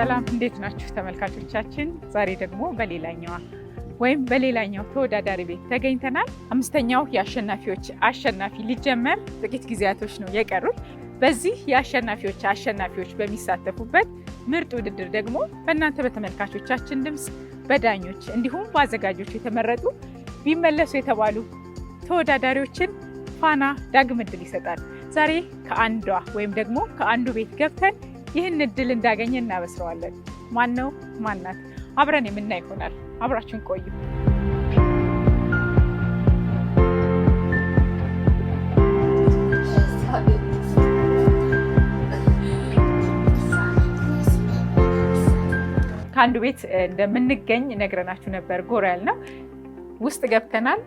ሰላም እንዴት ናችሁ ተመልካቾቻችን? ዛሬ ደግሞ በሌላኛዋ ወይም በሌላኛው ተወዳዳሪ ቤት ተገኝተናል። አምስተኛው የአሸናፊዎች አሸናፊ ሊጀመር ጥቂት ጊዜያቶች ነው የቀሩት። በዚህ የአሸናፊዎች አሸናፊዎች በሚሳተፉበት ምርጥ ውድድር ደግሞ በእናንተ በተመልካቾቻችን ድምፅ በዳኞች እንዲሁም በአዘጋጆች የተመረጡ ቢመለሱ የተባሉ ተወዳዳሪዎችን ፋና ዳግም እድል ይሰጣል። ዛሬ ከአንዷ ወይም ደግሞ ከአንዱ ቤት ገብተን ይህን እድል እንዳገኘ እናበስረዋለን። ማን ነው ማናት? አብረን የምናይ ይሆናል። አብራችን ቆዩ። ከአንዱ ቤት እንደምንገኝ ነግረናችሁ ነበር። ጎራ ያልነው ውስጥ ገብተናል።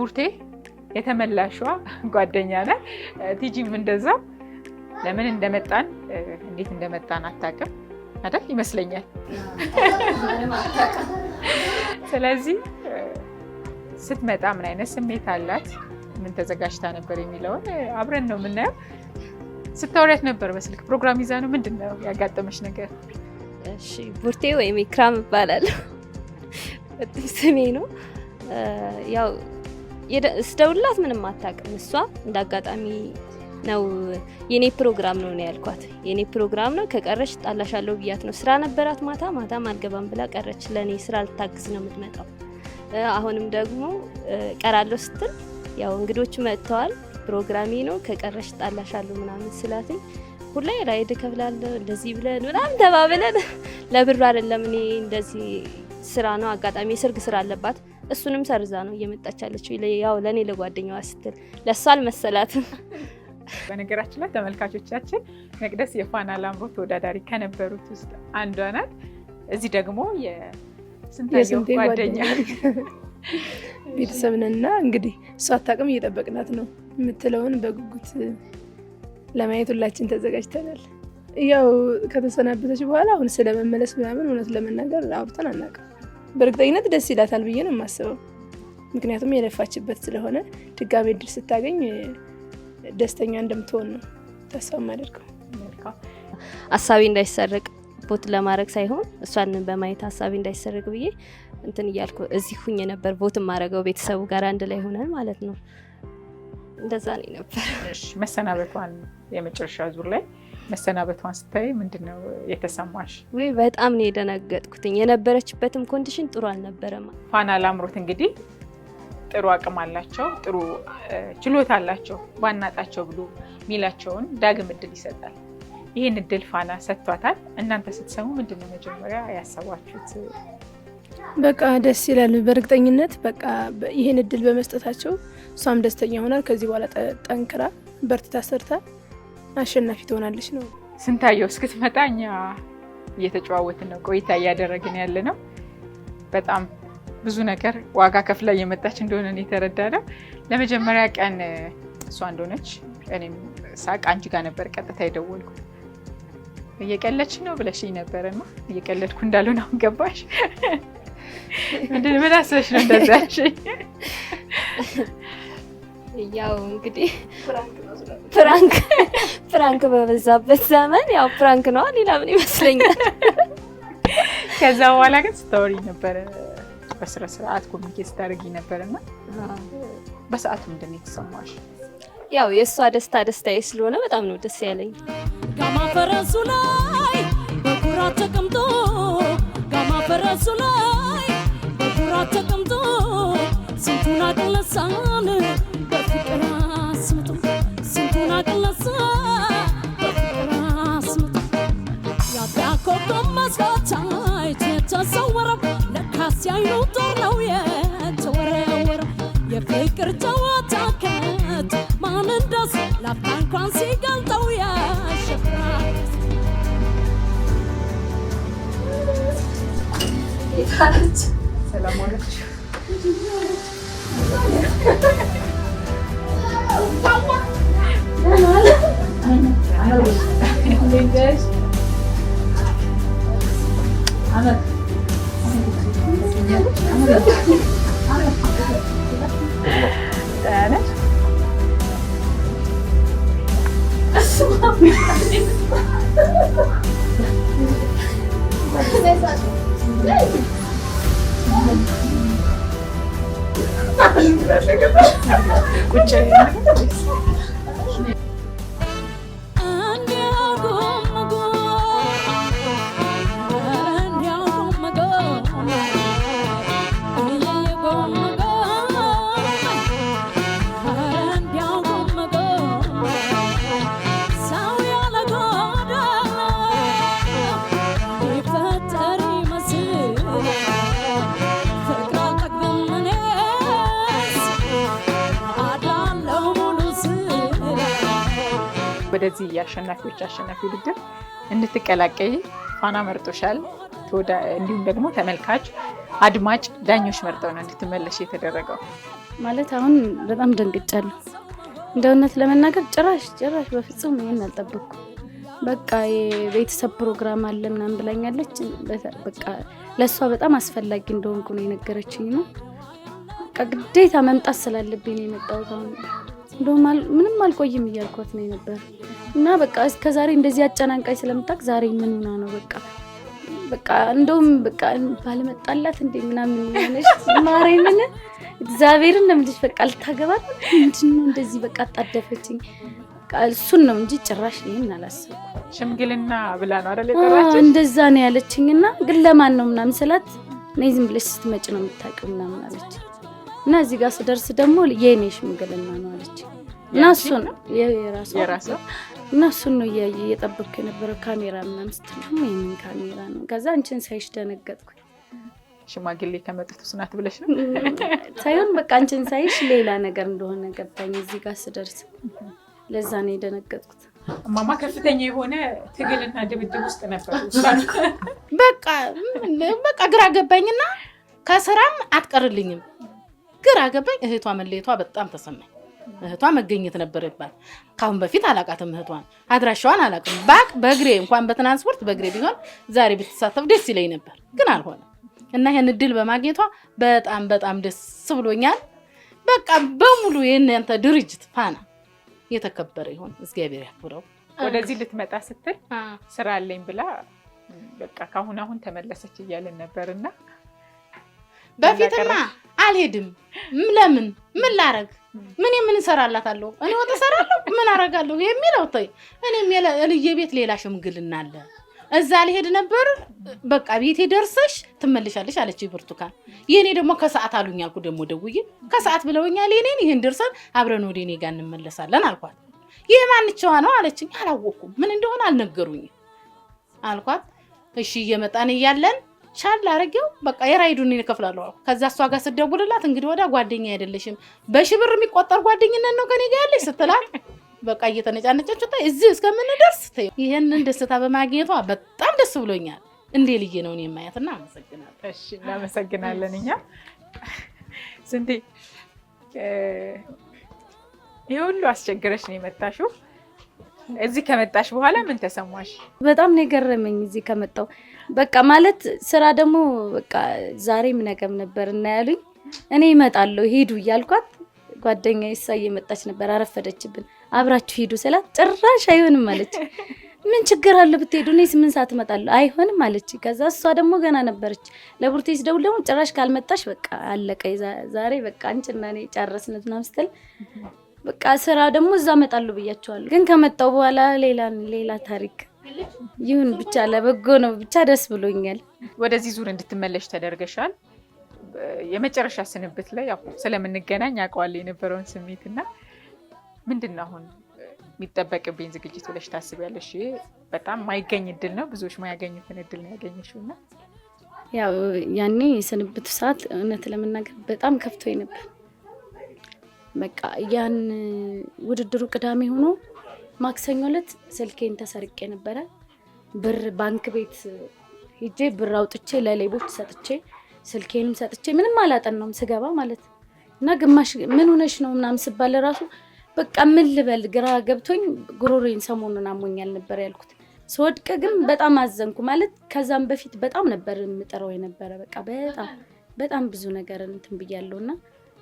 ቡርቴ የተመላሿ ጓደኛ ናት። ቲጂም እንደዛው ለምን እንደመጣን እንዴት እንደመጣን አታውቅም አይደል? ይመስለኛል። ስለዚህ ስትመጣ ምን አይነት ስሜት አላት፣ ምን ተዘጋጅታ ነበር የሚለውን አብረን ነው የምናየው። ስታወሪያት ነበር በስልክ ፕሮግራም ይዛ ነው። ምንድን ነው ያጋጠመች ነገር? እሺ ቡርቴ ወይም ኢክራም ይባላል በጣም ስሜ ነው። ያው ስደውላት ምንም አታውቅም እሷ እንዳጋጣሚ ነው የኔ ፕሮግራም ነው ነው ያልኳት። የኔ ፕሮግራም ነው ከቀረች ጣላሻለሁ ብያት ነው። ስራ ነበራት ማታ ማታም አልገባም ብላ ቀረች። ለእኔ ስራ ልታግዝ ነው የምትመጣው። አሁንም ደግሞ ቀራለሁ ስትል ያው እንግዶች መጥተዋል፣ ፕሮግራሜ ነው ከቀረች ጣላሻለሁ ምናምን ስላትኝ ሁላይ ራይድ ከፍላለሁ እንደዚህ ብለን ምናምን ተባብለን ለብር አይደለም እኔ እንደዚህ ስራ ነው አጋጣሚ የሰርግ ስራ አለባት። እሱንም ሰርዛ ነው እየመጣች ያለችው ያው ለእኔ ለጓደኛዋ ስትል ለእሷ አልመሰላትም። በነገራችን ላይ ተመልካቾቻችን መቅደስ የፋና ላምሮት ተወዳዳሪ ከነበሩት ውስጥ አንዷ ናት። እዚህ ደግሞ የስንታየው ጓደኛ ቤተሰብንና እንግዲህ እሷ አታውቅም፣ እየጠበቅናት ነው የምትለውን በጉጉት ለማየት ሁላችን ተዘጋጅተናል። ያው ከተሰናበተች በኋላ አሁን ስለመመለስ ምናምን እውነት ለመናገር አውርተን አናውቅም። በእርግጠኝነት ደስ ይላታል ብዬ ነው የማስበው። ምክንያቱም የለፋችበት ስለሆነ ድጋሜ እድል ስታገኝ ደስተኛ እንደምትሆን ነው ተስፋ የማደርገው። አሳቢ እንዳይሰርቅ ቦት ለማድረግ ሳይሆን እሷን በማየት ሀሳቢ እንዳይሰረግ ብዬ እንትን እያልኩ እዚህ ሁኝ ነበር ቦት ማድረገው ቤተሰቡ ጋር አንድ ላይ ሆነን ማለት ነው። እንደዛ ነው ነበር። መሰናበቷን የመጨረሻ ዙር ላይ መሰናበቷን ስታይ ምንድን ነው የተሰማሽ? ወይ በጣም ነው የደነገጥኩትኝ። የነበረችበትም ኮንዲሽን ጥሩ አልነበረም። ፋና ላምሮት እንግዲህ ጥሩ አቅም አላቸው፣ ጥሩ ችሎታ አላቸው፣ ባናጣቸው ብሎ የሚላቸውን ዳግም እድል ይሰጣል። ይህን እድል ፋና ሰጥቷታል። እናንተ ስትሰሙ ምንድን ነው መጀመሪያ ያሰባችሁት? በቃ ደስ ይላል። በእርግጠኝነት በቃ ይህን እድል በመስጠታቸው እሷም ደስተኛ ይሆናል። ከዚህ በኋላ ጠንክራ በርትታ ሰርታ አሸናፊ ትሆናለች ነው። ስንታየው እስክትመጣ እኛ እየተጨዋወትን ነው ቆይታ እያደረግን ያለ ነው በጣም ብዙ ነገር ዋጋ ከፍላ እየመጣች እንደሆነ ነው ለመጀመሪያ ቀን እሷ እንደሆነች እኔም ሳቅ አንቺ ጋር ነበር ቀጥታ የደወልኩ። እየቀለች ነው ብለሽኝ ነበረ ነው እየቀለድኩ እንዳልሆነ አሁን ገባሽ። ምን አስበሽ ነው እንደዚያች? ያው እንግዲህ ፕራንክ በበዛበት ዘመን ያው ፕራንክ ነዋ፣ ሌላ ምን ይመስለኛል። ከዛ በኋላ ግን ስታወሪ ነበረ በስነ ስርዓት ኮሚኒኬት ስታደርጊ ነበርና በሰዓቱ ምንድን ነው የተሰማሽ? ያው የእሷ ደስታ ደስታዬ ስለሆነ በጣም ነው ደስ ያለኝ። ጋማ ላይ በኩራት ተቀምጦ ጋማ ላይ በኩራት ተቀምጦ ስንቱን አቅለሳን በፍቅር አስምጦ ስንቱን አቅለሳ በፍቅር አስምጦ ያዳኮ ማስታቻ ሲያዩ ጠራው የተወረወረ የፍቅር ጨዋታ ከንቱ ማን እንዳስ ላፍታ እንኳን ሲገልጠው ያሸፍራል ሰላም ውጭ ወደዚህ የአሸናፊዎች አሸናፊ ውድድር እንድትቀላቀይ ፋና መርጦሻል። እንዲሁም ደግሞ ተመልካች፣ አድማጭ፣ ዳኞች መርጠው ነው እንድትመለሽ የተደረገው። ማለት አሁን በጣም ደንግጫለሁ። እንደ እውነት ለመናገር ጭራሽ ጭራሽ በፍጹም ይህን አልጠበቅኩ። በቃ የቤተሰብ ፕሮግራም አለ ምናምን ብላኛለች። በቃ ለእሷ በጣም አስፈላጊ እንደሆንኩ ነው የነገረችኝ ነው። በቃ ግዴታ መምጣት ስላለብኝ ነው የመጣሁት አሁን እንደውም ምንም አልቆይም እያልኳት ነው የነበር እና በቃ እስከ ዛሬ እንደዚህ አጨናንቃኝ ስለምታውቅ ዛሬ ምን ሆና ነው በቃ በቃ እንደውም በቃ ባለመጣላት እንደ ምናምን ሆነች ማሬ ምን እግዚአብሔርን ለምልሽ በቃ ልታገባት ምንድን ነው እንደዚህ በቃ አጣደፈችኝ። እሱን ነው እንጂ ጭራሽ ይህን አላሰብኩ። ሽምግልና ብላ ነው አይደል የጠራችሽ? እንደዛ ነው ያለችኝ። እና ግን ለማን ነው ምናምን ስላት እኔ ዝም ብለሽ ስትመጭ ነው የምታውቂው ምናምን አለችኝ። እና እዚህ ጋር ስደርስ ደግሞ የኔ ሽምግልና ነው አለች እና እሱ ነው የራሱ እና እሱን ነው እያየ እየጠበቅኩ የነበረው ካሜራ ምናምን ስትል ደግሞ ይህንን ካሜራ ነው። ከዛ አንቺን ሳይሽ ደነገጥኩ። ሽማግሌ ከመጡት ስናት ብለሽ ነው ሳይሆን በቃ አንቺን ሳይሽ ሌላ ነገር እንደሆነ ገባኝ። እዚህ ጋር ስደርስ ለዛ ነው የደነገጥኩት። ማማ ከፍተኛ የሆነ ትግልና ድብድብ ውስጥ ነበር። በቃ በቃ ግራ ገባኝና ከስራም አትቀርልኝም ግራ ገባኝ። እህቷ መለየቷ በጣም ተሰማኝ። እህቷ መገኘት ነበረባት። ካሁን በፊት አላቃትም፣ እህቷን አድራሻዋን አላቅም። ባቅ በእግሬ እንኳን በትራንስፖርት በእግሬ ቢሆን ዛሬ ብትሳተፍ ደስ ይለኝ ነበር፣ ግን አልሆነ እና ይህን እድል በማግኘቷ በጣም በጣም ደስ ብሎኛል። በቃ በሙሉ የእናንተ ድርጅት ፋና የተከበረ ይሁን፣ እግዚአብሔር ያክብረው። ወደዚህ ልትመጣ ስትል ስራ አለኝ ብላ በቃ ካሁን አሁን ተመለሰች እያልን ነበርና በፊትማ አልሄድም። ለምን ምን ላረግ? ምን ምን እሰራላታለሁ? እኔ ወጥ እሰራለሁ? ምን አረጋለሁ የሚለው ተይ። እኔም እልዬ ቤት ሌላ ሽምግልና አለ እዛ ልሄድ ነበር። በቃ ቤቴ ደርሰሽ ትመልሻለሽ አለች ብርቱካን። ይህኔ ደግሞ ከሰዓት አሉኝ አልኩ። ደግሞ ደውዬ ከሰዓት ብለውኛል የኔን ይህን ደርሰን አብረን ወደ እኔ ጋር እንመለሳለን አልኳት። ይህ ማንቸዋ ነው አለችኝ። አላወቅኩም፣ ምን እንደሆነ አልነገሩኝም አልኳት። እሺ እየመጣን እያለን ቻል አረገው በቃ የራይዱን እከፍላለሁ አልኩ። ከዛ እሷ ጋር ስደውልላት እንግዲህ ወዲያ ጓደኛ አይደለሽም በሺህ ብር የሚቆጠር ጓደኝነት ነው ከኔ ጋር ያለሽ ስትላት በቃ እየተነጫነጨች ወጣ። እዚህ እስከምንደርስ ይህንን ደስታ በማግኘቷ በጣም ደስ ብሎኛል። እንዴ ልዬ ነው እኔ የማያትና አመሰግናለሁ። እናመሰግናለን። እኛ ስንቴ ይህ ሁሉ አስቸግረሽ ነው የመጣሽው እዚህ ከመጣሽ በኋላ ምን ተሰማሽ? በጣም ነው የገረመኝ እዚህ ከመጣው በቃ ማለት ስራ ደግሞ በቃ ዛሬም ነገም ነበር እና ያሉኝ እኔ እመጣለሁ ሄዱ እያልኳት ጓደኛ ይሳ የመጣች ነበር አረፈደችብን። አብራችሁ ሄዱ ስላት ጭራሽ አይሆንም አለች። ምን ችግር አለ ብትሄዱ፣ እኔ ስምንት ሰዓት እመጣለሁ። አይሆንም አለች። ከዛ እሷ ደግሞ ገና ነበረች። ለቡርቴስ ደውል ደግሞ ጭራሽ ካልመጣሽ በቃ አለቀ ዛሬ በቃ አንቺና እኔ ጨረስነት ምናምን ስትል በቃ ስራ ደግሞ እዛ እመጣለሁ ብያቸዋለሁ። ግን ከመጣው በኋላ ሌላ ሌላ ታሪክ ይሁን ብቻ ለበጎ ነው። ብቻ ደስ ብሎኛል። ወደዚህ ዙር እንድትመለሽ ተደርገሻል። የመጨረሻ ስንብት ላይ ያው ስለምንገናኝ አውቀዋለሁ የነበረውን ስሜት እና ምንድን ነው አሁን የሚጠበቅብኝ ዝግጅት ብለሽ ታስቢያለሽ? በጣም ማይገኝ እድል ነው፣ ብዙዎች ማያገኙትን እድል ነው ያገኘሽው እና ያው ያኔ የስንብቱ ሰዓት እውነት ለመናገር በጣም ከፍቶኝ ነበር በቃ ያን ውድድሩ ቅዳሜ ሆኖ ማክሰኞ ዕለት ስልኬን ተሰርቄ ነበረ። ብር ባንክ ቤት ሂጄ ብር አውጥቼ ለሌቦች ሰጥቼ ስልኬንም ሰጥቼ ምንም አላጠናውም ስገባ ማለት እና ግማሽ ምን ሆነሽ ነው ምናምን ስባል ራሱ በቃ ምን ልበል ግራ ገብቶኝ ጉሮሬን ሰሞኑን አሞኛል ነበር ያልኩት። ስወድቅ ግን በጣም አዘንኩ ማለት ከዛም በፊት በጣም ነበር የምጠረው የነበረ በቃ በጣም በጣም ብዙ ነገር እንትን ብያለሁ እና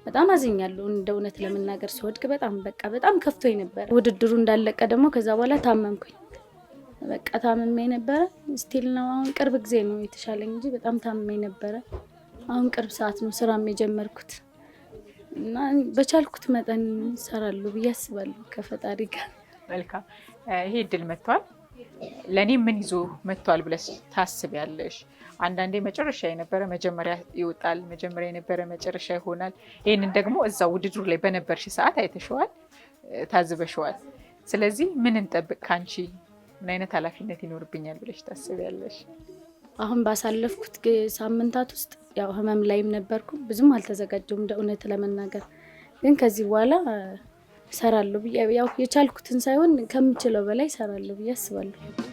በጣም አዝኛለሁ። እንደ እውነት ለመናገር ሲወድቅ በጣም በቃ በጣም ከፍቶኝ ነበረ። ውድድሩ እንዳለቀ ደግሞ ከዛ በኋላ ታመምኩኝ። በቃ ታምሜ ነበረ ስቲል ነው። አሁን ቅርብ ጊዜ ነው የተሻለኝ እንጂ በጣም ታምሜ ነበረ። አሁን ቅርብ ሰዓት ነው ስራም የጀመርኩት እና በቻልኩት መጠን ይሰራሉ ብዬ አስባለሁ ከፈጣሪ ጋር። መልካም ይሄ እድል መጥቷል። ለእኔ ምን ይዞ መጥቷል ብለሽ ታስቢያለሽ? አንዳንዴ መጨረሻ የነበረ መጀመሪያ ይወጣል፣ መጀመሪያ የነበረ መጨረሻ ይሆናል። ይህንን ደግሞ እዛ ውድድሩ ላይ በነበርሽ ሰዓት አይተሸዋል፣ ታዝበሸዋል። ስለዚህ ምን እንጠብቅ ከአንቺ? ምን አይነት ኃላፊነት ይኖርብኛል ብለሽ ታስቢያለሽ? አሁን ባሳለፍኩት ሳምንታት ውስጥ ያው ህመም ላይም ነበርኩ፣ ብዙም አልተዘጋጀሁም እንደ እውነት ለመናገር ግን ከዚህ በኋላ ሰራለሁ ብዬ ያው የቻልኩትን ሳይሆን ከምችለው በላይ ሰራለሁ ብዬ አስባለሁ።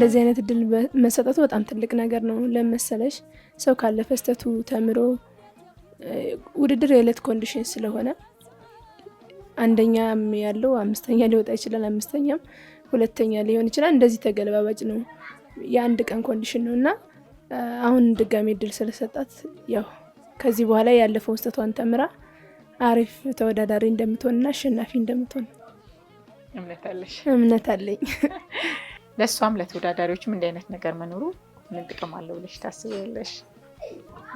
እንደዚህ አይነት እድል መሰጠቱ በጣም ትልቅ ነገር ነው። ለመሰለሽ ሰው ካለፈ ስህተቱ ተምሮ ውድድር የዕለት ኮንዲሽን ስለሆነ አንደኛም ያለው አምስተኛ ሊወጣ ይችላል፣ አምስተኛም ሁለተኛ ሊሆን ይችላል። እንደዚህ ተገለባባጭ ነው፣ የአንድ ቀን ኮንዲሽን ነው እና አሁን ድጋሚ እድል ስለሰጣት ያው ከዚህ በኋላ ያለፈው ስህተቷን ተምራ አሪፍ ተወዳዳሪ እንደምትሆንና አሸናፊ እንደምትሆን እምነት አለኝ። ለእሷም ለተወዳዳሪዎችም እንዲህ አይነት ነገር መኖሩ ምን ጥቅም አለው ብለሽ ታስቢያለሽ?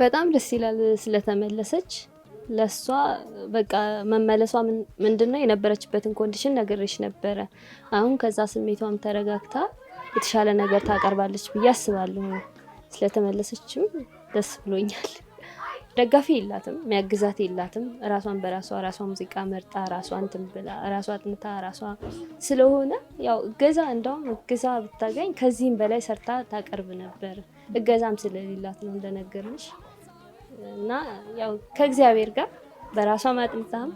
በጣም ደስ ይላል ስለተመለሰች። ለእሷ በቃ መመለሷ ምንድነው የነበረችበትን ኮንዲሽን ነገርሽ ነበረ። አሁን ከዛ ስሜቷም ተረጋግታ የተሻለ ነገር ታቀርባለች ብዬ አስባለሁ። ስለተመለሰችም ደስ ብሎኛል። ደጋፊ የላትም፣ የሚያግዛት የላትም። ራሷን በራሷ ራሷ ሙዚቃ መርጣ ራሷ እንትን ብላ ራሷ አጥንታ ራሷ ስለሆነ ያው እገዛ እንደውም እገዛ ብታገኝ ከዚህም በላይ ሰርታ ታቀርብ ነበር። እገዛም ስለሌላት ነው እንደነገርንሽ እና ያው ከእግዚአብሔር ጋር በራሷ አጥንታም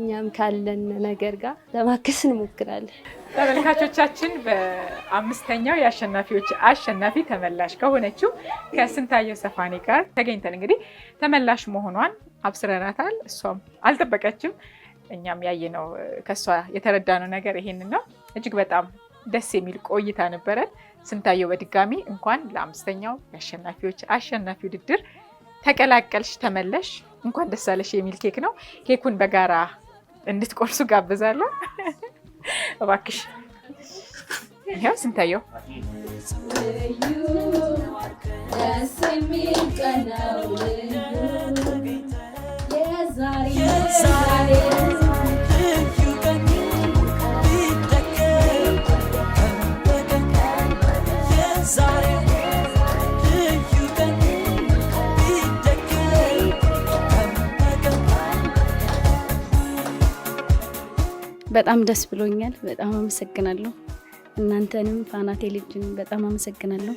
እኛም ካለን ነገር ጋር ለማከስ እንሞክራለን። ተመልካቾቻችን በአምስተኛው የአሸናፊዎች አሸናፊ ተመላሽ ከሆነችው ከስንታየው ሰፋኔ ጋር ተገኝተን እንግዲህ ተመላሽ መሆኗን አብስረናታል። እሷም አልጠበቀችም። እኛም ያየነው ከእሷ የተረዳነው ነገር ይሄንን ነው። እጅግ በጣም ደስ የሚል ቆይታ ነበረን። ስንታየው በድጋሚ እንኳን ለአምስተኛው የአሸናፊዎች አሸናፊ ውድድር ተቀላቀልሽ፣ ተመለሽ፣ እንኳን ደስ አለሽ የሚል ኬክ ነው። ኬኩን በጋራ እንድትቆርሱ ጋብዛለሁ። እባክሽ ይኸው ስንታየው ቀን ነው በጣም ደስ ብሎኛል። በጣም አመሰግናለሁ። እናንተንም ፋና ቴሌቪዥን በጣም አመሰግናለሁ።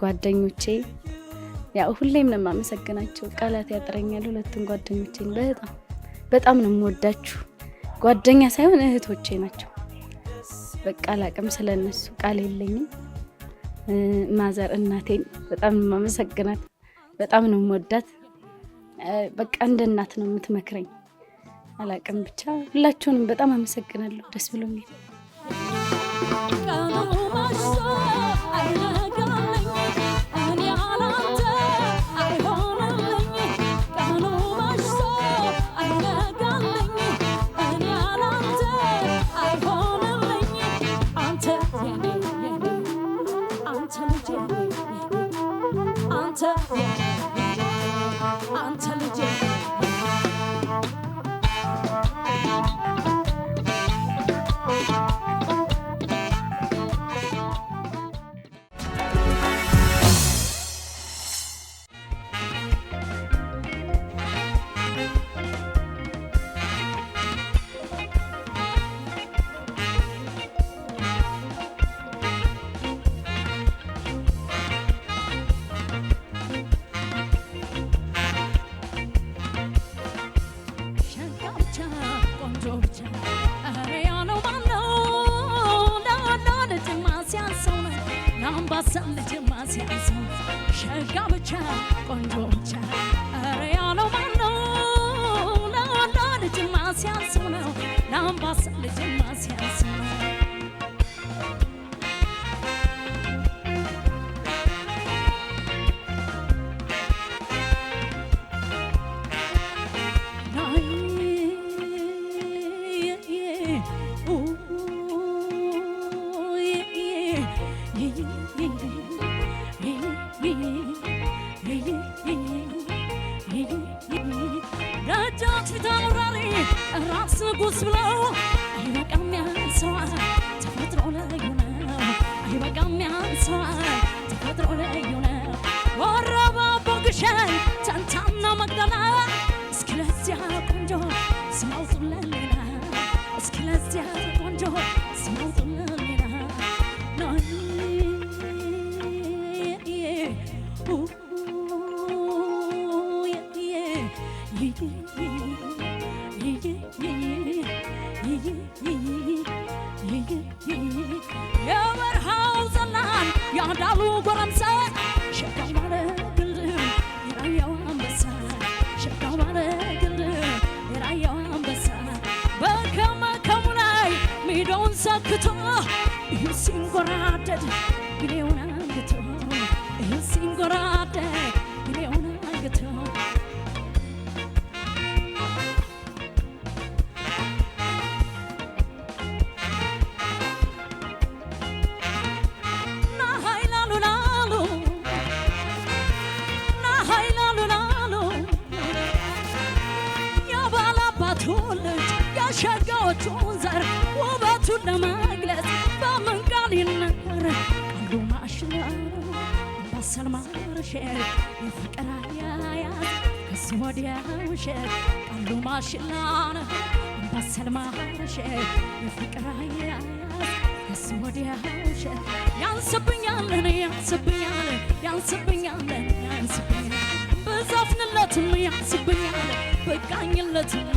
ጓደኞቼ ያው ሁሌም ነው የማመሰግናቸው፣ ቃላት ያጥረኛል። ሁለቱን ጓደኞቼን በጣም በጣም ነው የምወዳችሁ። ጓደኛ ሳይሆን እህቶቼ ናቸው። በቃ አላቅም ስለነሱ ቃል የለኝም። ማዘር እናቴን በጣም ነው የማመሰግናት፣ በጣም ነው የምወዳት። በቃ እንደ እናት ነው የምትመክረኝ። አላቅም ብቻ ሁላችሁንም በጣም አመሰግናለሁ። ደስ ብሎኛል። Música Donbass legend. ፊቱን ሰክቶ ይህ ሲንጎራደድ ግሬውን አንግቶ ይህ ሲንጎራደድ ውሸት የፍቅር አያያዝ ከሱ ወዲያ ውሸት ቃሉ ማሽላ ነው የፍቅር አያያዝ ከሱ በዛፍንለትም በቃኝለትም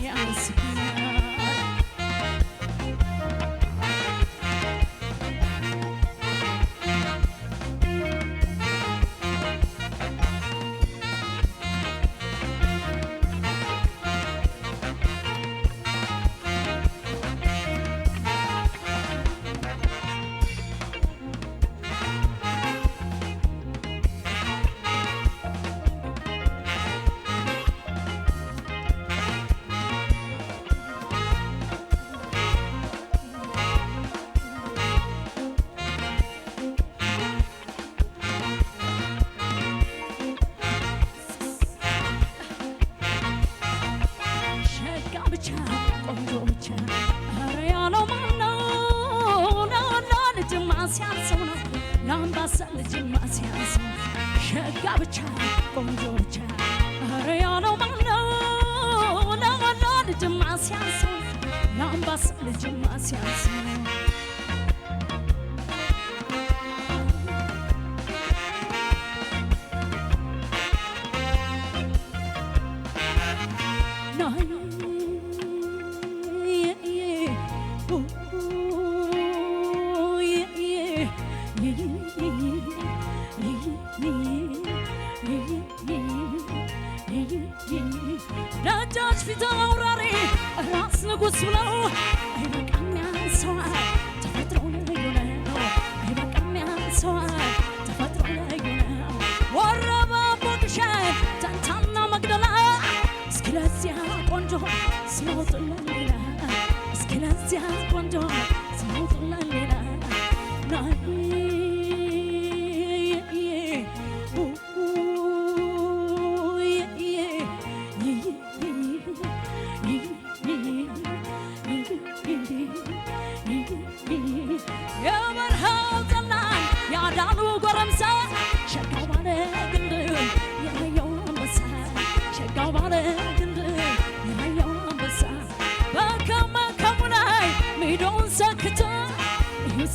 yansın Lambası lıcımas yansın not a lady, skin as the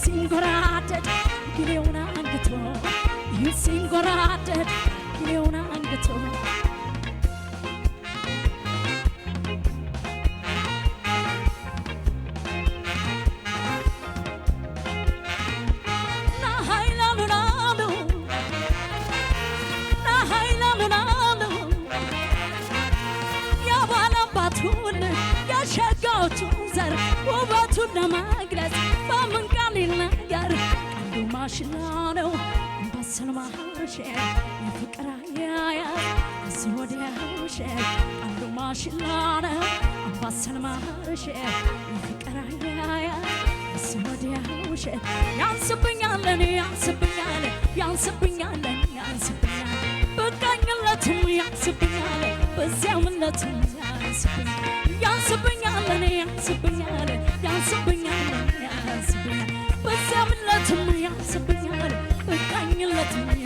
ሲንጎራደድ ጊዜውን አንግቶ ሲንጎራደድ ጊዜውን አንግቶ ያሸጋዎቹን ዘር ውበቱን ለመግለጽ በምን ማሽላ ነው በስል ማሽ የፍቅር አያያ እዚህ ወዲያሽ አንዱ ማሽላ ነው በስል ማሽ የፍቅር አያያ እዚህ ወዲያሽ ያንስብኛለን ያንስብኛል ያንስብኛለን ያንስብኛል በቃኝለትም ያንስብኛል በዚያምነትም ያንስብኛል ያንስብኛለን ያንስብኛል ያንስብኛል ያንስብኛል በዚያ ምነትም ያንስብኛል እቃኝለትም